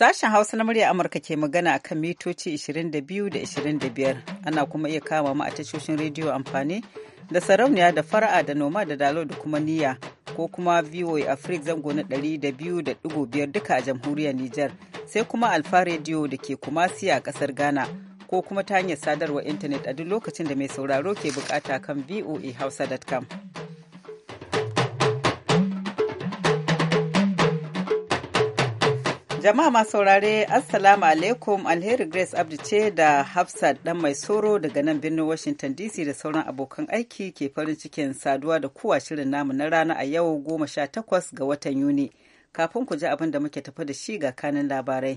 Sashen Hausa na murya Amurka ke magana kan mitoci 22 da 25 ana kuma iya kama ma a tashoshin rediyo amfani da sarauniya da fara'a da noma da dalo da kuma niyya ko kuma VOA Africa zango na 200.5 duka a jamhuriyar Nijar sai kuma Alfa Radio da ke kumasi a kasar Ghana ko kuma ta hanyar sadarwar intanet a duk lokacin da mai sauraro ke bukata kan voahausa.com. Jama'a masu saurare Assalamu alaikum Alheri Grace Abdi ce da Hafsat dan mai soro daga nan birnin Washington DC da sauran abokan aiki ke farin cikin saduwa da kowa shirin namu na rana a yau goma sha takwas ga watan Yuni. Kafin ku ji abin da muke tafi da shi ga kanin labarai.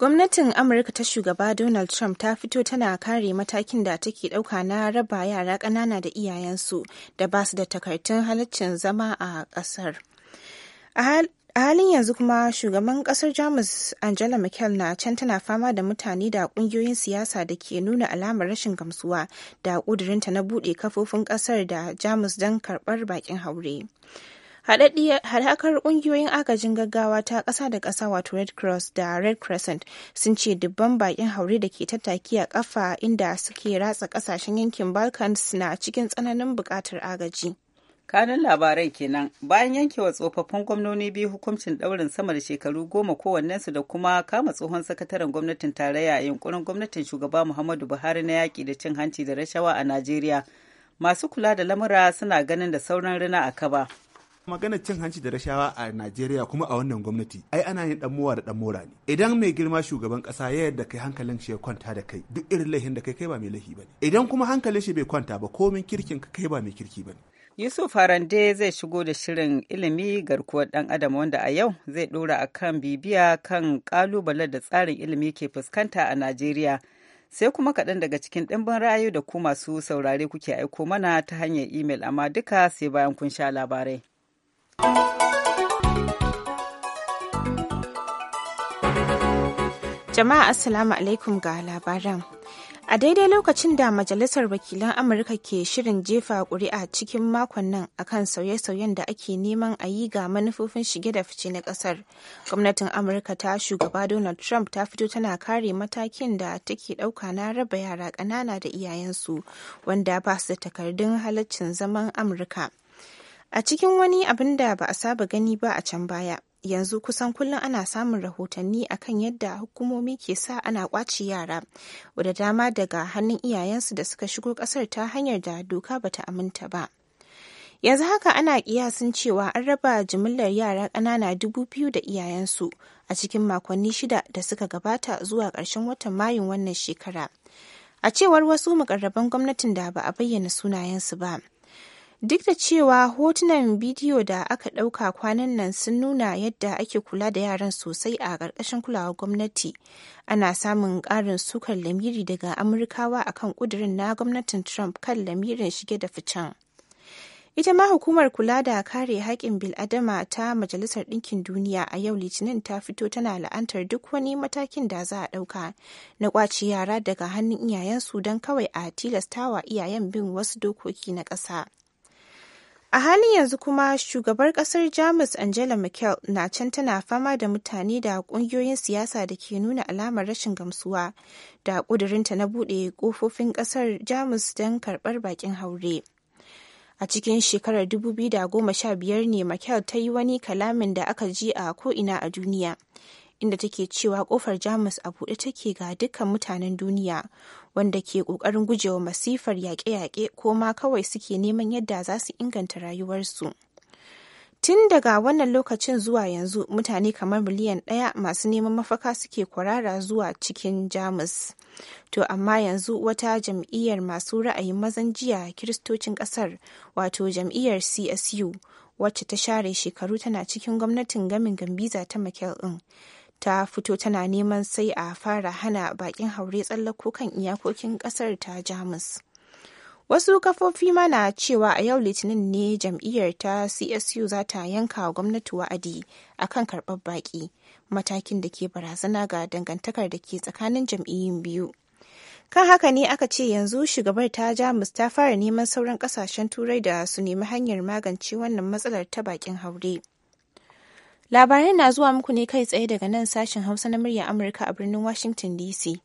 Gwamnatin Amurka ta shugaba Donald Trump ta fito tana kare matakin da take ɗauka na raba yara ƙanana da iyayensu da basu da takardun halaccin zama a kasar. A halin yanzu kuma shugaban kasar Jamus Angela Merkel na can tana fama da mutane da kungiyoyin siyasa da ke nuna alamar rashin gamsuwa da kudurinta na buɗe kafofin kasar da Jamus don karɓar bakin haure. Haɗakar ƙungiyoyin agajin gaggawa ta ƙasa da ƙasa wato Red Cross da Red Crescent sun ce dubban bakin haure da ke tattaki a ƙafa inda suke ratsa ƙasashen yankin Balkans na cikin tsananin buƙatar agaji. kanin labaran kenan bayan yankewa tsofaffin gwamnoni biyu hukuncin daurin sama da shekaru goma kowannensu da kuma kama tsohon sakataren gwamnatin tarayya a yunkurin gwamnatin shugaba muhammadu buhari na yaƙi da cin hanci da rashawa a najeriya masu kula da lamura suna ganin da sauran rina a kaba magana cin hanci da rashawa a Najeriya kuma a wannan gwamnati ai ana yin dan da dan ne idan mai girma shugaban kasa ya yarda kai hankalin shi ya kwanta da kai duk irin laihin da kai kai ba mai laihi ba. idan kuma hankalin shi bai kwanta ba komin kirkin ka kai ba mai kirki ba Yusuf Harande zai shigo da shirin ilimi garkuwar ɗan adam wanda a yau zai ɗora a kan bibiya kan ƙalubalen da tsarin ilimi ke fuskanta a Najeriya. Sai kuma kaɗan daga cikin ɗimbin ra'ayi da ku masu saurare kuke aiko mana ta hanyar imel amma duka sai bayan kun sha labarai. Jama'a Assalamu alaikum ga labaran. A daidai lokacin da Majalisar Wakilan Amurka ke shirin jefa ƙuri'a cikin makon nan akan sauye-sauyen da ake neman a yi ga manufofin shige da fice na ƙasar, gwamnatin Amurka ta shugaba Donald Trump ta fito tana kare matakin da take ɗauka na raba yara ƙanana da iyayensu wanda ba su da takardun halaccin zaman Amurka. A cikin wani abin da ba a saba gani ba a can baya, yanzu kusan kullum ana samun rahotanni akan yadda hukumomi ke sa ana kwaci yara wadda dama daga hannun iyayensu da suka shigo kasar ta hanyar da doka bata aminta ba yanzu haka ana kiyasin cewa an raba jimillar yara ƙanana dubu biyu da iyayensu a cikin makonni shida da suka gabata zuwa ƙarshen watan mayun wannan shekara a cewar wasu mukarraban gwamnatin da ba a bayyana sunayensu ba Duk da cewa hotunan bidiyo da aka ɗauka kwanan nan sun nuna yadda ake kula da yaran sosai a ƙarƙashin kulawar gwamnati, ana samun ƙarin sukar lamiri daga Amurkawa a kan ƙudurin na gwamnatin Trump kan lamirin shige da ficen. Ita ma hukumar kula da kare haƙƙin bil'adama ta Majalisar Ɗinkin Duniya a yau Litinin ta fito tana la'antar duk wani matakin da za a ɗauka na ƙwace yara daga hannun iyayensu don kawai a tilastawa iyayen bin wasu dokoki na ƙasa. A halin yanzu kuma shugabar kasar Jamus Angela Merkel na can tana fama da mutane da kungiyoyin siyasa da ke nuna alamar rashin gamsuwa da kudurinta na buɗe kofofin kasar Jamus don karɓar bakin haure. A cikin shekarar 2015 ne Merkel ta yi wani kalamin da aka ji a ko'ina a duniya, inda take cewa kofar Jamus a buɗe take ga dukkan mutanen duniya, wanda ke ƙoƙarin gujewa masifar yaƙe-yaƙe ko ma kawai suke neman yadda za su inganta rayuwarsu. Tun daga wannan lokacin zuwa yanzu mutane kamar miliyan ɗaya masu neman mafaka suke kwarara zuwa cikin Jamus. To amma yanzu wata jam'iyyar masu ra'ayin mazan jiya kiristocin ƙasar wato jam'iyyar CSU wacce ta share shekaru tana cikin gwamnatin gamin gambiza ta Mikel ɗin. ta fito tana neman sai a fara hana bakin haure tsallako kan iyakokin kasar ta jamus wasu kafofi mana cewa a yau litinin ne jam'iyyar ta csu za ta yanka gwamnati wa'adi a kan karɓar baƙi matakin da ke barazana ga dangantakar da ke tsakanin jam'iyyun biyu kan haka ne aka ce yanzu shugabar ta jamus ta fara neman sauran kasashen turai da su nemi hanyar magance wannan matsalar ta bakin haure Labarai na zuwa muku ne kai tsaye daga nan sashen Hausa na murya Amurka a birnin Washington DC.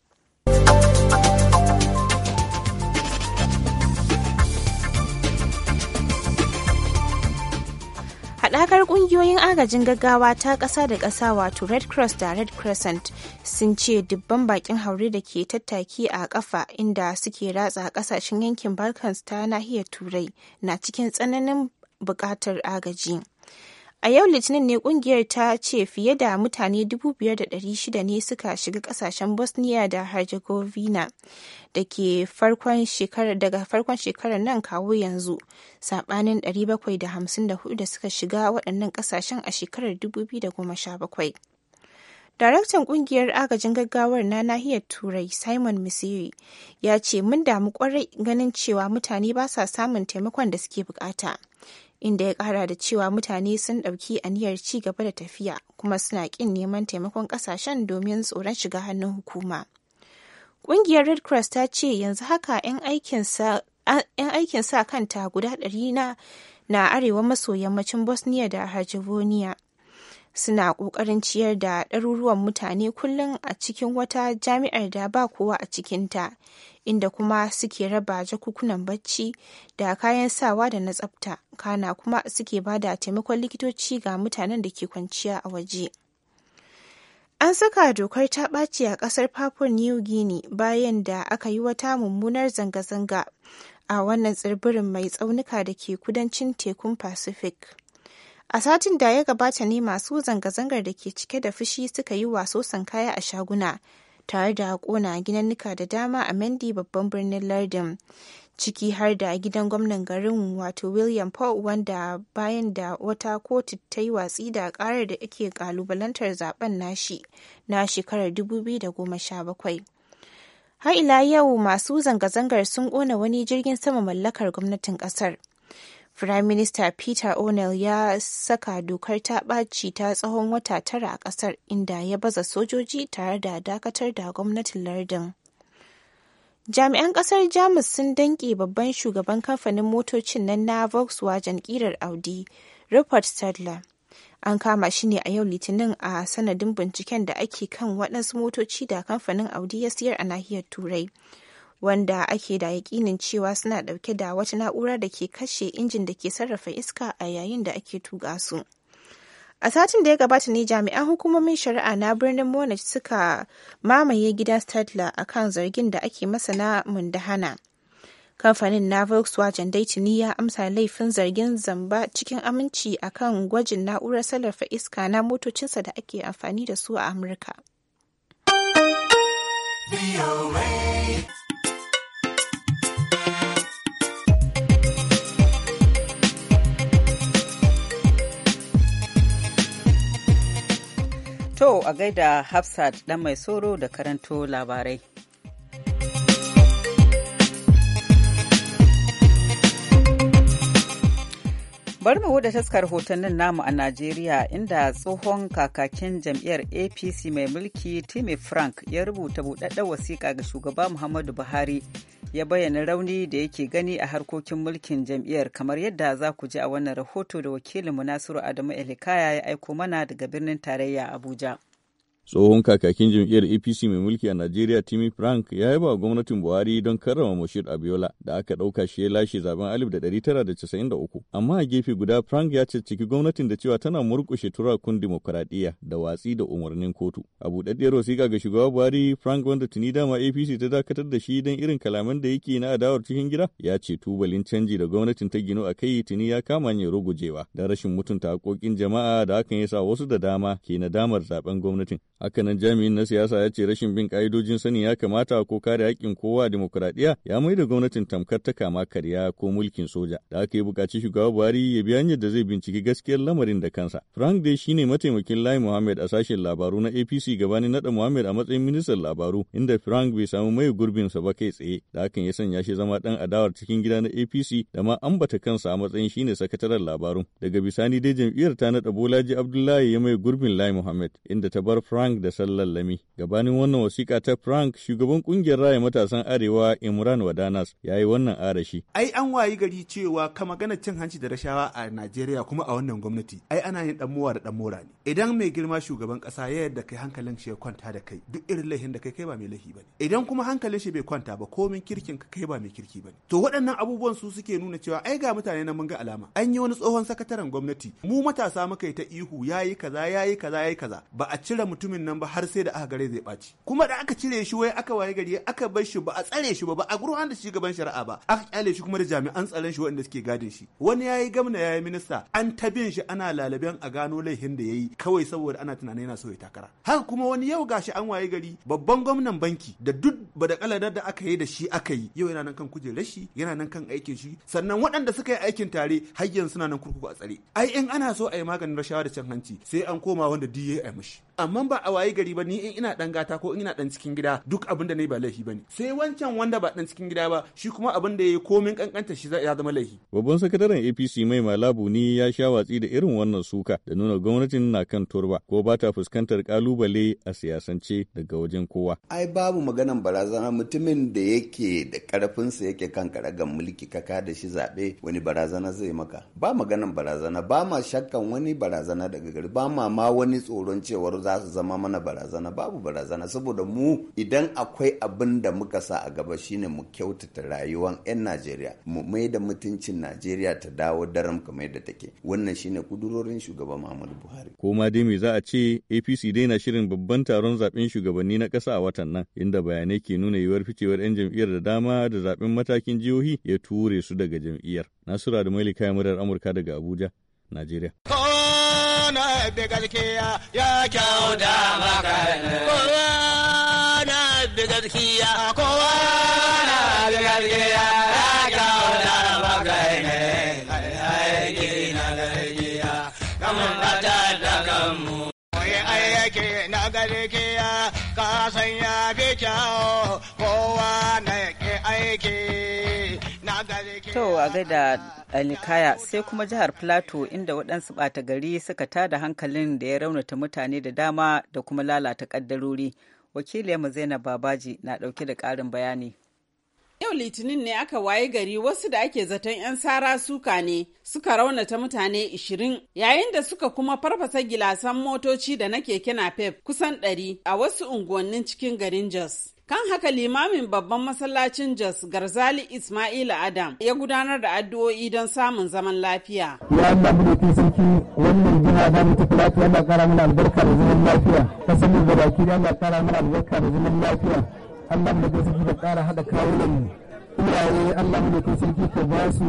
Haɗakar ƙungiyoyin agajin gaggawa ta ƙasa da ƙasa wato Red Cross da Red Crescent sun ce dubban bakin haure da ke tattaki a ƙafa inda suke ratsa ƙasashen yankin Balkans ta nahiyar Turai na cikin tsananin buƙatar agaji. A yau Litinin ne kungiyar ta ce fiye da mutane 5,600 ne suka shiga kasashen Bosnia da Herzegovina da ke daga farkon shekarar nan kawo yanzu, sabanin 754 da suka shiga waɗannan kasashen a shekarar 2017. Daraktan kungiyar agajin gaggawar na nahiyar Turai Simon Misiri ya ce mun damu kwarai ganin cewa mutane ba sa samun taimakon da suke bukata. inda ya kara da cewa mutane sun ɗauki aniyar ci gaba da tafiya kuma suna ƙin neman taimakon ƙasashen domin tsoron shiga hannun hukuma. Ƙungiyar Red Cross ta ce yanzu haka 'yan aikin sa kanta guda ɗari na na arewa maso yammacin Bosnia da Herzegovina suna ƙoƙarin ciyar da ɗaruruwan mutane kullum a cikin wata jami'ar da ba kowa a cikinta inda kuma suke raba jakukunan bacci da kayan sawa da na tsafta kana kuma suke ba da taimakon likitoci ga mutanen da ke kwanciya a waje an saka dokar ta ɓaci a ƙasar papua new guinea bayan da aka yi wata mummunar zanga-zanga a wannan tsibirin mai tsaunuka da ke kudancin tekun pacific A satin da ya gabata ne masu zanga-zangar da ke cike da fushi suka yi wasosan kaya a shaguna, tare da kona ginannuka da dama a Mendi babban birnin lardin. ciki har da gidan gwamnan garin wato william paul wanda bayan da wata kotu ta yi watsi da karar da ake kalubalantar zaben nashi na shekarar 2017 har ila yau masu zanga-zangar sun ƙona wani jirgin sama mallakar gwamnatin ƙasar Firaminista Peter O'Neill ya saka dokar ta ɓaci ta tsawon wata tara a ƙasar inda ya baza sojoji tare da dakatar da gwamnatin lardin. Jami'an ƙasar Jamus sun danƙe babban shugaban kamfanin motocin nan na Volkswagen ƙirar Audi, Rupert Stadler. An kama shi ne a yau Litinin a sanadin binciken da ake kan waɗansu motoci da kamfanin Audi ya siyar a nahiyar Turai. wanda ake da yakinin cewa suna ɗauke da wata na'ura da ke kashe injin da ke sarrafa iska a yayin da ake tuƙa su. A satin da ya gabata ne jami'an hukumomin shari'a na birnin Monash suka mamaye gidan Stadler a kan zargin da ake masa na mundahana. Kamfanin na Volkswagen dai tuni ya amsa laifin zargin zamba cikin aminci a kan gwajin na'urar sarrafa iska na motocinsa da ake amfani da su a Amurka. To a gaida Hafsat ɗan mai soro da karanto labarai. Bari mu da taskar hotonnin namu a Najeriya inda tsohon kakakin jam'iyyar APC mai mulki timi Frank ya rubuta buɗaɗɗen wasiƙa ga shugaba Muhammadu Buhari ya bayyana rauni da yake gani a harkokin mulkin jam'iyyar kamar yadda za ku ji a wannan rahoto da wakilinmu nasiru adamu elikaya ya aiko mana daga birnin tarayya abuja tsohon kakakin jam'iyyar apc mai mulki a najeriya timi frank ya yaba gwamnatin buhari don karrama moshid abiola da aka ɗauka shi ya lashe zaben 1993 amma a gefe guda frank ya cicciki gwamnatin da cewa tana murƙushe turakun dimokuraɗiyya da watsi da umarnin kotu a buɗaɗɗiyar wasiƙa ga shugaba buhari frank wanda tuni dama apc ta dakatar da shi don irin kalaman da yake na adawar cikin gida ya ce tubalin canji da gwamnatin ta gino a kai tuni ya kama ne rugujewa da rashin mutunta haƙoƙin jama'a da hakan ya sa wasu da dama ke nadamar zaben gwamnatin Hakanan jami'in na siyasa ya ce rashin bin ka'idojin sani ya kamata ko kare haƙƙin kowa demokuraɗiyya ya mai da gwamnatin tamkar ta kama karya ko mulkin soja. Da aka yi buƙaci shugaba Buhari ya bi hanyar da zai binciki gaskiyar lamarin da kansa. Frank dai shine mataimakin Lai Mohammed a sashen labaru na APC gabanin naɗa Mohammed a matsayin ministan labaru inda Frank bai samu mai gurbinsa ba kai tsaye. Da hakan ya sanya shi zama ɗan adawar cikin gida na APC da ma ambata kansa a matsayin shine sakataren labarun. Daga bisani dai jam'iyyar ta naɗa Bolaji Abdullahi ya mai gurbin Lai Mohammed inda ta bar Frank Frank da Sallallami. Gabanin wannan wasiƙa ta Frank, shugaban ƙungiyar raya matasan Arewa Imran Wadanas ya yi wannan arashi. Ai an wayi gari cewa ka magana cin hanci da rashawa a Najeriya kuma a wannan gwamnati. Ai ana yin dan mowa da dan mora ne. Idan mai girma shugaban ƙasa ya yarda kai hankalin shi ya kwanta da kai, duk irin laifin da kai kai ba mai laifi bane. Idan kuma hankalin shi bai kwanta ba, komin kirkin ka kai ba mai kirki bane. To waɗannan abubuwan su suke nuna cewa ai ga mutane na mun ga alama. An yi wani tsohon sakataren gwamnati. Mu matasa muka yi ta ihu yayi kaza yayi kaza yayi kaza. Ba a cire mutumin mutumin nan ba har sai da aka gare zai ɓaci kuma da aka cire shi wai aka waye gari aka bar shi ba a tsare shi ba ba a da shi gaban shari'a ba aka kyale shi kuma da jami'an tsaron shi waɗanda suke gadin shi wani yayi gamna yayi minista an ta bin shi ana lalaben a gano laifin da yayi kawai saboda ana tunanin yana so ya takara haka kuma wani yau gashi an waye gari babban gwamnan banki da duk ba da da aka yi da shi aka yi yau yana nan kan kujerar shi yana nan kan aikin shi sannan waɗanda suka yi aikin tare har yanzu suna nan kurkuku a tsare ai in ana so a yi maganin rashawa da cin hanci sai an koma wanda DA ai mishi amma ba a waye gari ba ni in ina dan gata ko in ina dan cikin gida duk abin da nayi ba laifi bane sai wancan wanda ba dan cikin gida ba shi kuma abin da yayi komin kankanta shi ya zama laifi babban sakataren APC mai malabu ni ya sha watsi da irin wannan suka da nuna gwamnatin na kan turba ko ba ta fuskantar kalubale a siyasance daga wajen kowa ai babu maganan barazana mutumin da yake da karfin sa yake kan karagan mulki kaka da shi zabe wani barazana zai maka ba maganan barazana ba ma shakkan wani barazana daga gari ba ma ma wani tsoron cewar za su zama zama mana barazana babu barazana saboda mu idan akwai abin da muka sa a gaba shine mu kyautata rayuwar 'yan najeriya mu mai da mutuncin najeriya ta dawo daram kamar yadda take wannan shine kudurorin shugaban muhammadu buhari ko ma dai mai za a ce apc dai na shirin babban taron zaben shugabanni na kasa a watan nan inda bayanai ke nuna yiwuwar ficewar 'yan jam'iyyar da dama da zaben matakin jihohi ya ture su daga jam'iyyar nasura da mailika murar amurka daga abuja najeriya na bi gaskiya ya kyauta maka kowa na bi gaskiya kowa na bi gaskiya ya kyauta maka ne aiki na gaskiya kamar bata da kanmu aiki na gaskiya ka sanya bi kyawo kowa na yake aiki To a gaida Alikaya sai kuma jihar Plateau inda waɗansu ɓata gari suka tada hankalin da ya raunata mutane da dama da kuma lalata ƙaddarori. Wakiliyarmu Zainab Babaji na ɗauke da ƙarin bayani. Yau Litinin ne aka waye gari wasu da ake zaton 'yan sara suka ne suka raunata mutane 20 yayin da suka kuma farfasa gilasan motoci da na keke napep kusan 100 a wasu unguwannin cikin garin Jos. Kan haka limamin babban masallacin Jos Garzali Ismail Adam ya gudanar da addu'o'i don samun zaman lafiya. Ya Allah mu ke sarki wannan jiha da mu tafi lafiya Allah kara mana albarka da zaman lafiya. ta mu da baki Allah kara mana albarka da zaman lafiya. Allah mu ke sarki da kara hada kawunan mu. Iyaye Allah mu ke sarki ka ba su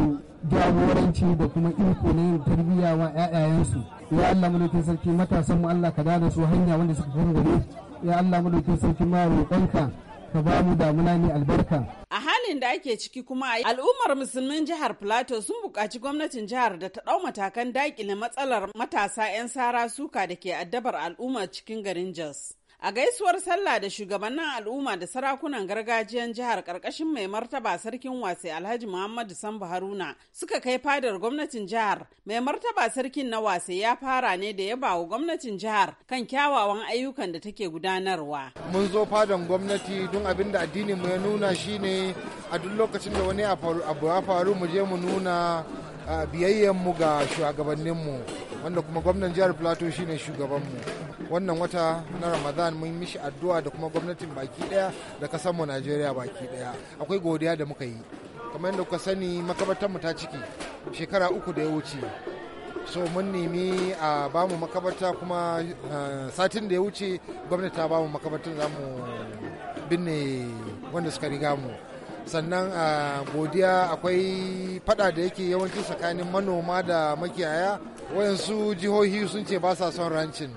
jagoranci da kuma iko na yin tarbiyya wa ƴaƴayensu ya Allah ke sarki matasan mu Allah ka dana su hanya wanda suka kan gobe ya Allah ke sarki ma roƙonka ka ba mu damuna ne albarka. A halin da ake ciki kuma a al'ummar musulmin jihar Plateau sun buƙaci gwamnatin jihar da ta ɗau matakan daƙile matsalar matasa 'yan sara suka da ke addabar al'ummar cikin garin Jos. A gaisuwar sallah da shugabannin al'umma da sarakunan gargajiyan jihar karkashin mai martaba sarkin wasai Alhaji Muhammadu Sambu Haruna suka kai fadar gwamnatin jihar. Mai martaba sarkin na wasai ya fara ne da ya wa gwamnatin jihar kan kyawawan ayyukan da take gudanarwa. Mun zo fadan gwamnati don abin da addinin mu ya nuna shine a duk lokacin da wani abu ya faru mu je mu nuna ah, biyayyen mu ga shugabanninmu. wanda kuma gwamnan jihar plateau shine shugabanmu wannan wata na ramadan mun mishi addu'a da kuma gwamnatin baki daya da kasanmu najeriya baki daya akwai godiya da muka yi kamar yadda kuka sani mu ta ciki shekara uku da ya wuce so mun nemi a bamu makabata kuma satin da ya wuce gwamnati ta bamu makabatar za mu binne wanda suka riga mu sannan a godiya akwai fada da yake yawanci tsakanin manoma da makiyaya wayansu jihohi sun ce ba sa son rancin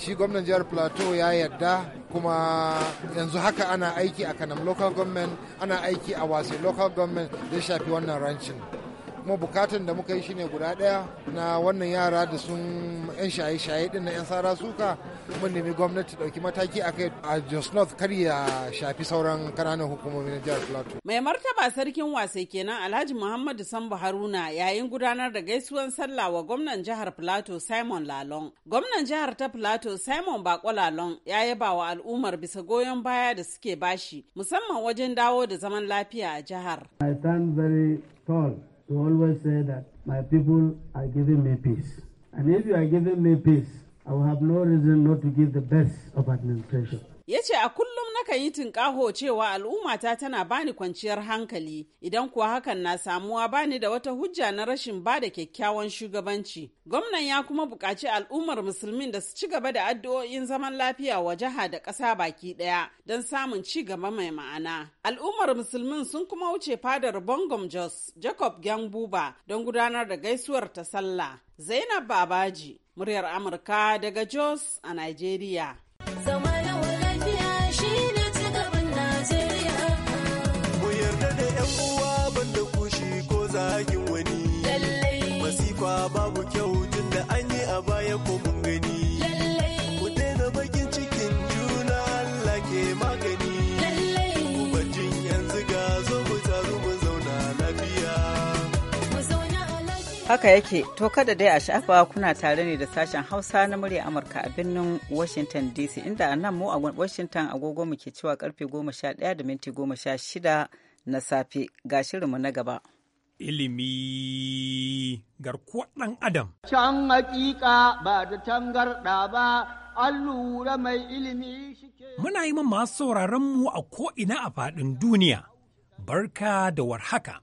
shi gwamnan jihar plateau ya yadda kuma yanzu haka ana aiki a kanam local government ana aiki a wasi local government da shafi wannan rancin kuma bukatan da muka yi shine guda ɗaya na wannan yara da sun 'yan shaye-shaye din na 'yan sara suka mun nemi gwamnati dauki mataki a kai a jos north kar ya shafi sauran kananan hukumomi na jihar plateau mai martaba sarkin wasai kenan alhaji muhammadu sambu haruna yayin gudanar da gaisuwan sallah wa gwamnan jihar plateau simon lalong gwamnan jihar ta plateau simon bako lalong ya yaba wa al'ummar bisa goyon baya da suke bashi musamman wajen dawo da zaman lafiya a jihar i stand very You always say that my people are giving me peace. And if you are giving me peace, I will have no reason not to give the best of administration. ya ce a kullum nakan yi tunƙaho cewa al'ummata tana bani kwanciyar hankali idan kuwa hakan na samuwa bani da wata hujja na rashin ba da kyakkyawan shugabanci gwamnan ya kuma buƙaci al'ummar musulmin da su ci gaba da addu'o'in zaman lafiya wa jiha da ƙasa baki ɗaya don samun ci gaba mai ma'ana al'ummar musulmin sun kuma wuce fadar bongom jos jacob buba don gudanar da gaisuwar ta sallah zainab babaji muryar amurka daga jos a nigeria Haka yake, to kada dai a sha'afa kuna tare ne da sashen Hausa na murya Amurka a birnin Washington DC inda a nan mu a Washington agogo muke cewa karfe 11 da minti 16 na safe ga shirinmu na gaba. Ilimi garkuwar ɗan Adam. Can hakika ba da tangarɗa ba, an lura mai ilimi shike. Muna yi masu sauraron mu a ko'ina a faɗin duniya. Barka da warhaka,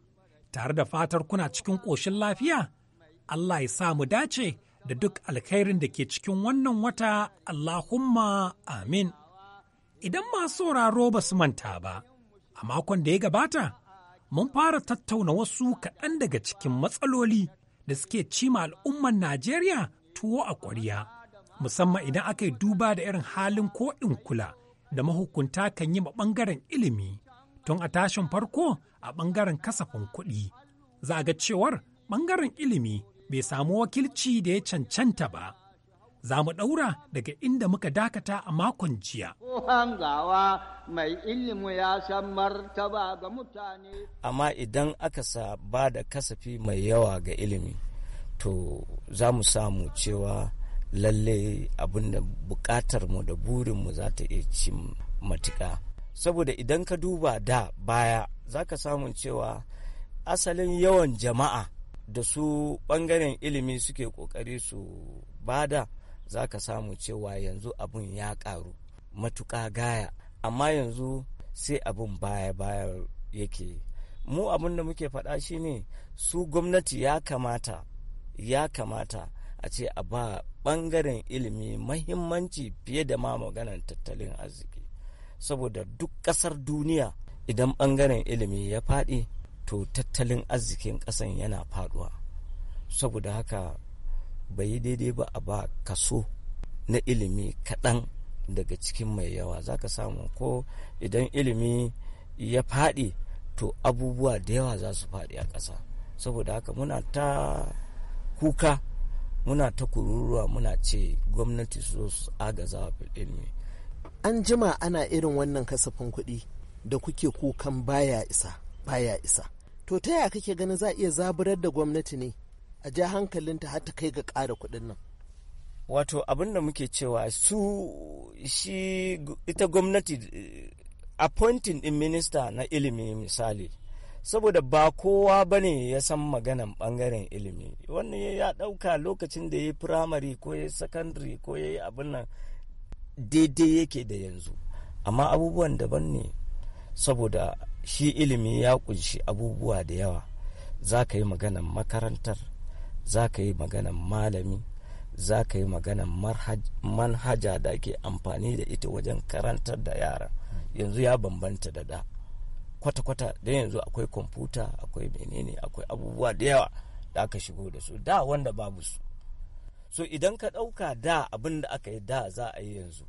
tare da fatar kuna cikin ƙoshin lafiya. Allah ya sa mu dace da duk alkhairin da ke cikin wannan wata Allahumma amin. Idan masu sauraro ba su manta ba, a makon da ya gabata, mun fara tattauna wasu kaɗan daga cikin matsaloli da suke cima al'umman Najeriya tuwo a ƙwariya. musamman idan aka yi duba da irin halin ko kula da mahukunta kan yi ma ɓangaren ilimi. Tun a tashin farko a ɓangaren kasafin kuɗi, za a ga cewar ɓangaren ilimi bai samu wakilci da ya cancanta ba. Za mu ɗaura daga inda muka dakata a makon jiya. mai ilimu ya san martaba ga mutane. Amma idan aka sa ba da kasafi mai yawa ga ilimi, to za mu samu cewa lalle da buƙatar mu da burinmu za ta iya cin matuƙa. saboda idan ka duba da baya za ka samu cewa asalin yawan jama'a da su bangaren ilimi suke kokari su bada za ka samu cewa yanzu abun ya karu. matuƙa gaya amma yanzu sai abun baya-baya yake mu abun da muke faɗa shine su gwamnati ya kamata ya kamata a ce a ba bangaren ilimi mahimmanci fiye da ma maganar tattalin arziki saboda duk ƙasar duniya idan bangaren ilimi ya faɗi to tattalin arzikin ƙasan yana faɗuwa saboda haka bai yi daidai ba a ba kaso na ilimi kaɗan daga cikin mai yawa za ka samu ko idan ilimi ya faɗi to abubuwa da yawa za su faɗi a ƙasa saboda haka muna ta kuka muna ta kururuwa muna ce gwamnati su su agaza ilimi an jima ana irin wannan kasafin kuɗi da kuke kukan baya isa baya isa to ta yaya kake ganin za a iya zaburar da gwamnati ne a ja hankalinta har ta kai ga ƙara kuɗin nan wato abin da muke cewa su shi ita gwamnati eh, appointing in minister na ilimi misali saboda ba kowa ba ne ya san maganan bangaren ilimi wannan ya ɗauka lokacin da ya yi firamare ko ya yi sakandare ko ya yi abin nan daidai yake da yanzu amma abubuwan daban ne saboda shi ilimi ya kunshi abubuwa da yawa za ka yi maganan makarantar za ka yi maganan malami za ka yi maganan manhaja da ke amfani da ita wajen karantar da yara yanzu ya bambanta da da kwata-kwata da yanzu akwai kwamfuta akwai menene akwai abubuwa da yawa da aka shigo da su da wanda babu su so idan ka ɗauka da abin da aka yi da za a yi yanzu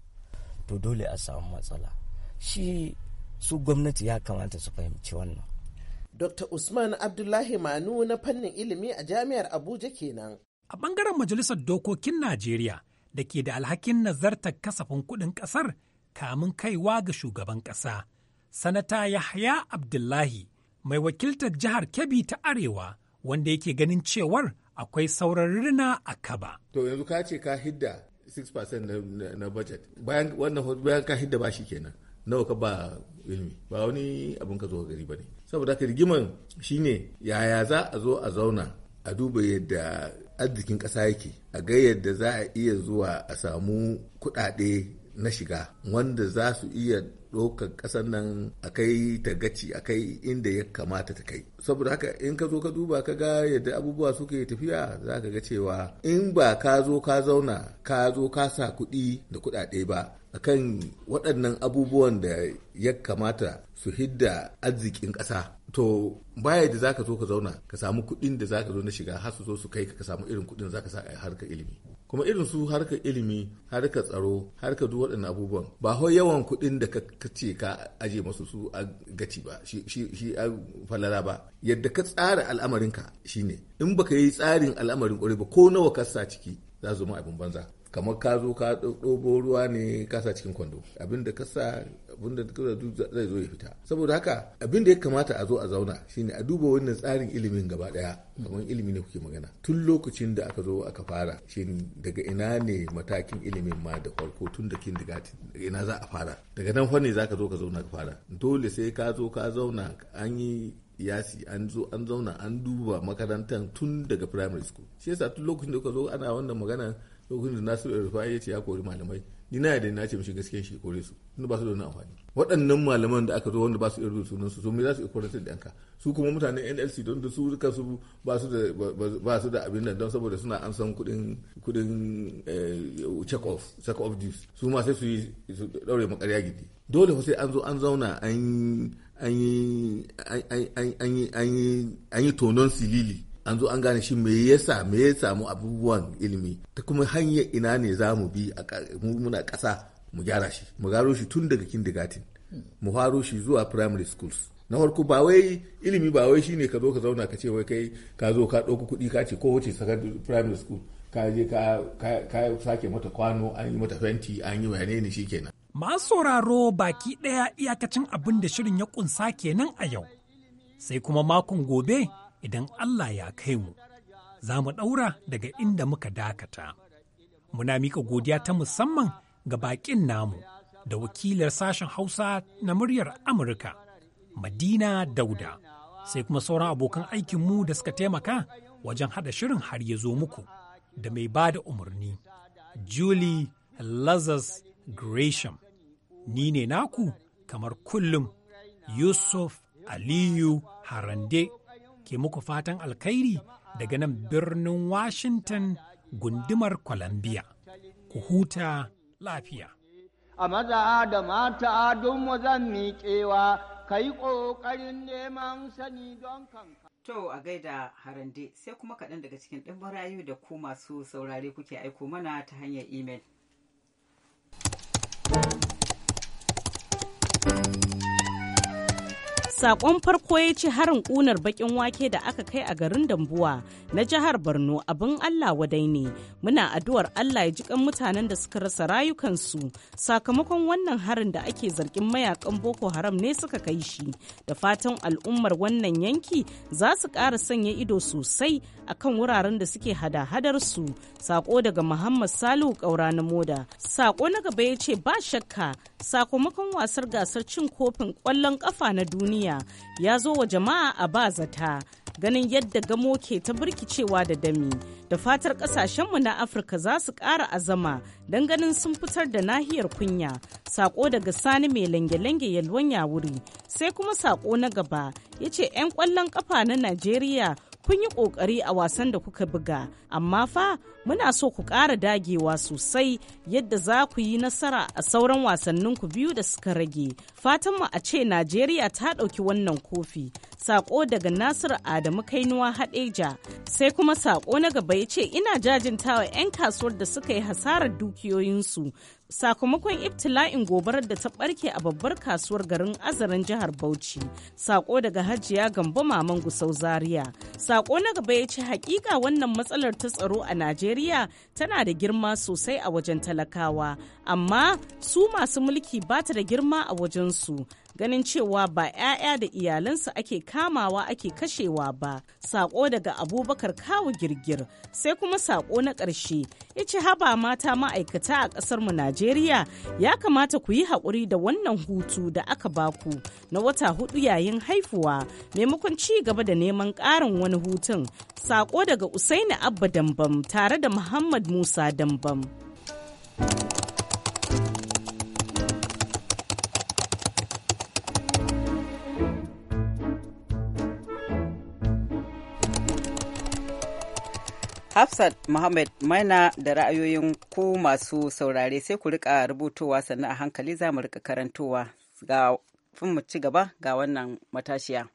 to dole a samu matsala shi su gwamnati ya kamata su fahimci wannan dr usman abdullahi manu na fannin ilimi a jami'ar abuja kenan a bangaren majalisar dokokin najeriya da ke da alhakin nazartar kasafin kuɗin ƙasar kamun kaiwa ga shugaban ƙasa sanata yahya abdullahi mai wakiltar jihar kebbi ta arewa wanda yake ganin cewar akwai sauran rina a kaba to yanzu ka ce ka hidda 6% na budget bayan wannan bayan ka hidda bashi kenan nawa ka ba ilimi ba wani abin ka zo gari ba ne saboda haka rigiman shine yaya za a zo a zauna a duba yadda arzikin ƙasa yake a ga yadda za a iya zuwa a samu kuɗaɗe na shiga wanda za su iya ɗaukar ƙasar nan a kai ta gaci a kai inda ya kamata ta kai saboda haka in ka zo ka duba ka ga yadda abubuwa suke tafiya za ka ga cewa in ba ka zo ka zauna ka zo ka sa kuɗi da kuɗaɗe ba akan waɗannan abubuwan da ya kamata su hidda arzikin ƙasa to baya da zaka zo ka zauna ka samu kuɗin da zaka zo na shiga har su zo su kai ka samu irin kuɗin zaka sa a harkar ilimi kuma irin su harkar ilimi harkar tsaro harkar duk waɗannan abubuwan ba hau yawan kuɗin da ka ce ka aje masu su a gaci ba shi a falala ba yadda ka tsara al'amarinka shine in baka yi tsarin al'amarin ƙwarai ba ko nawa ka sa ciki za su zama abin banza kamar ka zo ka ɗobo ruwa ne ka sa cikin kwando abinda ka sa abinda da ka zai zo ya fita saboda haka abinda ya kamata a zo a zauna shine a duba wannan tsarin ilimin gaba daya kamar ilimi ne kuke magana tun lokacin da aka zo aka fara shine daga ina ne matakin ilimin ma da farko tun da kin daga ina za a fara daga nan fa ne zaka zo ka zauna ka fara dole sai ka zo ka zauna an yi yasi an zo an zauna an duba makarantar tun daga primary school shi yasa tun lokacin da ka zo ana wannan magana lokacin da nasiru rufai ya ce ya kori malamai ni na yadda na ce mishi gaskiyan shi kore su tunda ba su da wani amfani waɗannan malaman da aka zo wanda ba su irin sunan su sun me za su ikon da yanka su kuma mutanen NLC don da su duka su ba su da ba da abin nan don saboda suna an san kuɗin kuɗin eh, check off check off dues su ma sai su yi su daure makarya gidi dole ko sai an zo an zauna an yi an yi tonon silili an zo an gane shi me yasa me ya samu abubuwan ilimi ta kuma hanyar ina ne za mu bi muna ƙasa mu gyara shi mu gano shi tun daga kindergarten mu faro shi zuwa primary schools na farko ba wai ilimi ba wai shine ka zo ka zauna ka ce wai kai ka zo ka ɗauko kuɗi ka ce ko wace primary school ka je ka sake mata kwano an yi mata fenti an yi wane ne kenan. masu sauraro baki ɗaya iyakacin abin da shirin ya kunsa kenan a yau sai kuma makon gobe idan Allah ya kai mu, za mu ɗaura daga inda muka dakata. Muna mika godiya ta musamman ga baƙin namu da wakilar sashen Hausa na muryar Amurka, Madina Dauda, sai kuma sauran abokan aikinmu da suka taimaka wajen haɗa shirin har ya zo muku da mai ba da umarni. Julie Lazarus Gresham, ni ne naku kamar kullum Yusuf Aliyu Harande. ke muku fatan alkhairi daga nan birnin Washington gundumar Columbia. Ku huta lafiya. A maza da mata don mu miƙewa, ka yi ƙoƙarin neman sani don kanka. To a gaida harande sai kuma kaɗan daga cikin ɗimbin rayu da ku masu saurare kuke aiko mana ta hanyar imel. Sakon farko ya ci harin kunar bakin wake da aka kai a garin Dambuwa na jihar Borno abin Allah wadai ne. Muna addu'ar Allah ya ji kan mutanen da suka rasa rayukansu sakamakon wannan harin da ake zargin mayakan Boko Haram ne suka kai shi. Da fatan al'ummar wannan yanki za su ƙara sanya ido sosai akan wuraren da suke hada-hadar su. Sako daga Muhammad Salihu Kaura na Moda. Sako na gaba ya ce ba shakka sakamakon wasar gasar cin kofin ƙwallon ƙafa na duniya ya zo wa jama'a a ba zata ganin yadda gamo ke ta birkicewa da dami da fatar kasashenmu na afirka za su ƙara azama don ganin sun fitar da nahiyar kunya sako daga sani mai lange-lange yalwan wuri sai kuma sako na gaba ya ce 'yan ƙwallon ƙafa na najeriya kun yi ƙoƙari a wasan da kuka buga amma fa muna so ku ƙara dagewa sosai yadda za ku yi nasara a sauran wasannin ku biyu da suka rage fatanmu a ce najeriya ta ɗauki wannan kofi Saƙo daga Nasiru adamu kainuwa haɗeja sai kuma saƙo na gaba ya ce ina jajintawa 'yan kasuwar da suka yi hasarar dukiyoyinsu sakamakon ibtila'in gobarar da ta barke a babbar kasuwar garin azarin jihar bauchi Saƙo daga hajiya gambo maman gusau zaria Sako na gaba ya ce hakika wannan matsalar ta tsaro a Najeriya tana da girma sosai a wajen talakawa, amma su masu mulki ba ta da girma a wajensu. ganin cewa ba 'ya'ya da iyalansu ake kamawa ake kashewa ba saƙo daga abubakar kawo girgir sai kuma saƙo na ƙarshe ya ce haba mata ma'aikata a ƙasarmu najeriya ya kamata ku yi haƙuri da wannan hutu da aka baku na wata hudu yayin haifuwa maimakon ci gaba da neman ƙarin wani hutun saƙo daga usaini abba dambam tare da muhammad musa dambam. Hafsat Muhammad Maina da ra'ayoyin ku masu saurare sai ku rika rubutowa sannan a hankali za mu rika karantowa ga mu ci gaba ga wannan matashiya.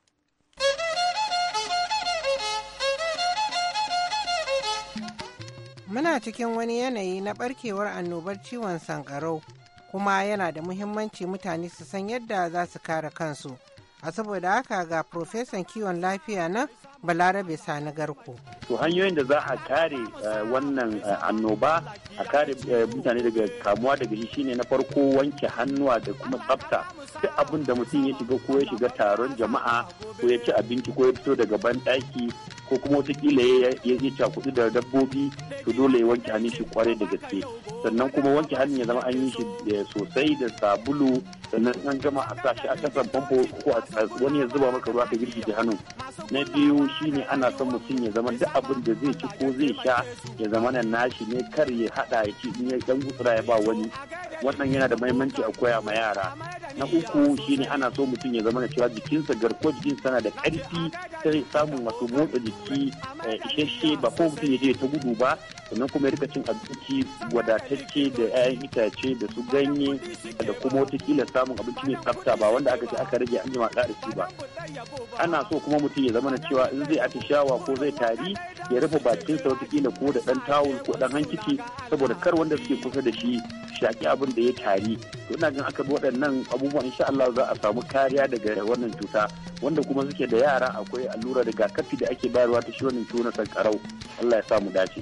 Muna cikin wani yanayi na barkewar annobar ciwon sankarau kuma yana da muhimmanci mutane su san yadda za su kare kansu. A saboda haka ga Profesan kiwon lafiya na. balarabe sani garko to hanyoyin da za a kare eh, wannan eh, annoba a kare eh, mutane daga kamuwa daga shi shine na farko wanke hannuwa da kuma tsafta duk abin da mutum ya shiga ko ya shiga taron jama'a ko ya ci abinci ko ya fito daga ban ko kuma watakila ya je cakudu da dabbobi to dole ya wanke hannun shi kwarai da gaske sannan kuma wanke hannun ya zama an yi shi eh, sosai da sabulu sannan an gama a sa shi a kasan famfo ko wani ya zuba maka ruwa ka girgije hannu na biyu shine ana son mutum ya zama duk abin da zai ci ko zai sha ya zama na nashi ne kar ya hada ya ci in ya dan gutsura ya ba wani wannan yana da mahimmanci a koya ma yara na uku shine ana so mutum ya zama na cewa jikinsa garko jikinsa na da karfi sai samun wasu motsa jiki jiki eh, isasshe ba ko mutum ya je ta gudu ba sannan kuma ya rika cin abinci wadatacce da 'ya'yan itace da su ganye da kuma watakila samun abinci mai tsafta ba wanda aka ce aka rage an jima ƙara shi ba ana so kuma mutum ya zama na cewa in zai atishawa ko zai tari ya rufe bakinsa watakila ko da ɗan tawul ko ɗan hankici saboda kar wanda suke kusa da shi shaƙi abin da ya tari to ina gan aka bi waɗannan abubuwan insha Allah za a samu kariya daga wannan cuta wanda kuma suke da yara akwai allura rigakafi da ake bayarwa ta shi wannan ciwo na sankarau Allah ya sa mu dace.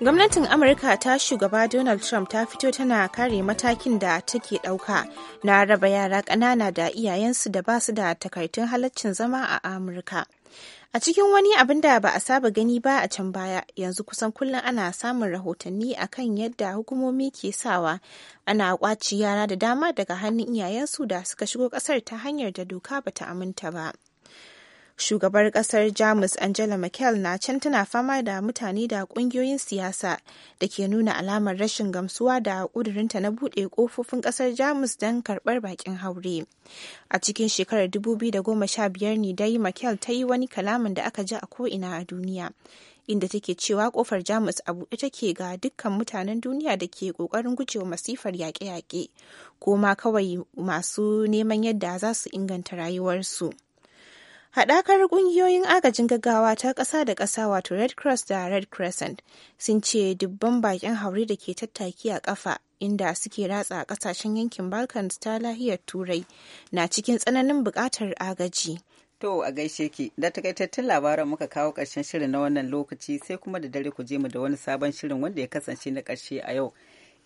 Gwamnatin Amurka ta shugaba Donald Trump ta fito tana kare matakin da take dauka na raba yara kanana da iyayensu da basu da takaitun halaccin zama a Amurka. A cikin wani abin da ba a saba gani ba a can baya, yanzu kusan kullum ana samun rahotanni a kan yadda hukumomi ke sawa ana kwaci yara da dama daga hannun iyayensu da suka shigo kasar ta hanyar da doka bata aminta ba. Shugabar kasar Jamus Angela Merkel na can tana fama da mutane da kungiyoyin siyasa da ke nuna alamar rashin gamsuwa da kudurinta na bude kofofin kasar Jamus don karbar bakin haure. A cikin shekarar 2015 ne dai Merkel ta yi wani kalamin da aka ji a ko'ina a duniya. inda take cewa kofar jamus a buɗe take ga dukkan mutanen duniya da ke ƙoƙarin gujewa masifar yaƙe-yaƙe ko ma kawai masu neman yadda za su inganta rayuwarsu. Haɗakar ƙungiyoyin agajin gaggawa ta ƙasa da ƙasa wato Red Cross da Red Crescent sun ce dubban bakin haure da ke tattaki a ƙafa inda suke ratsa a ƙasashen yankin Balkans ta lahiyar Turai na cikin tsananin buƙatar agaji. To a gaishe ki, da takaitattun labaran muka kawo ƙarshen shirin na wannan lokaci sai kuma da dare ku je mu da wani sabon shirin wanda ya kasance na ƙarshe a yau.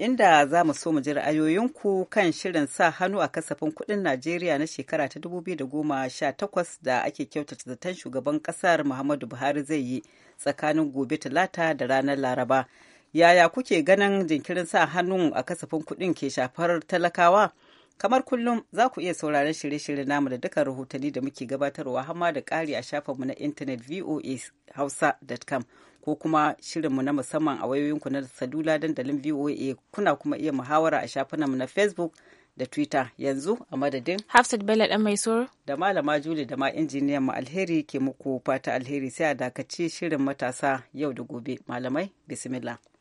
inda za mu so mu ji ra'ayoyinku kan shirin sa hannu a kasafin kuɗin Najeriya na shekara ta 2018 da ake kyautata zaton shugaban ƙasar Muhammadu Buhari zai yi tsakanin gobe Talata da ranar Laraba. Yaya kuke ganin jinkirin sa hannun a kasafin kuɗin ke shafar talakawa? Kamar kullum za ku iya sauraron shirye-shirye namu da dukkan rahotanni da muke gabatarwa hama da ƙari a shafinmu na intanet voahausa.com ko kuma shirinmu na musamman a wayoyinku na salula dandalin VOA kuna kuma iya muhawara a shafinmu na Facebook da Twitter yanzu a madadin Hafsat Bello dan mai soro da malama Juli da ma injiniyan mu alheri ke muku fata alheri sai a dakace shirin matasa yau da gobe malamai bismillah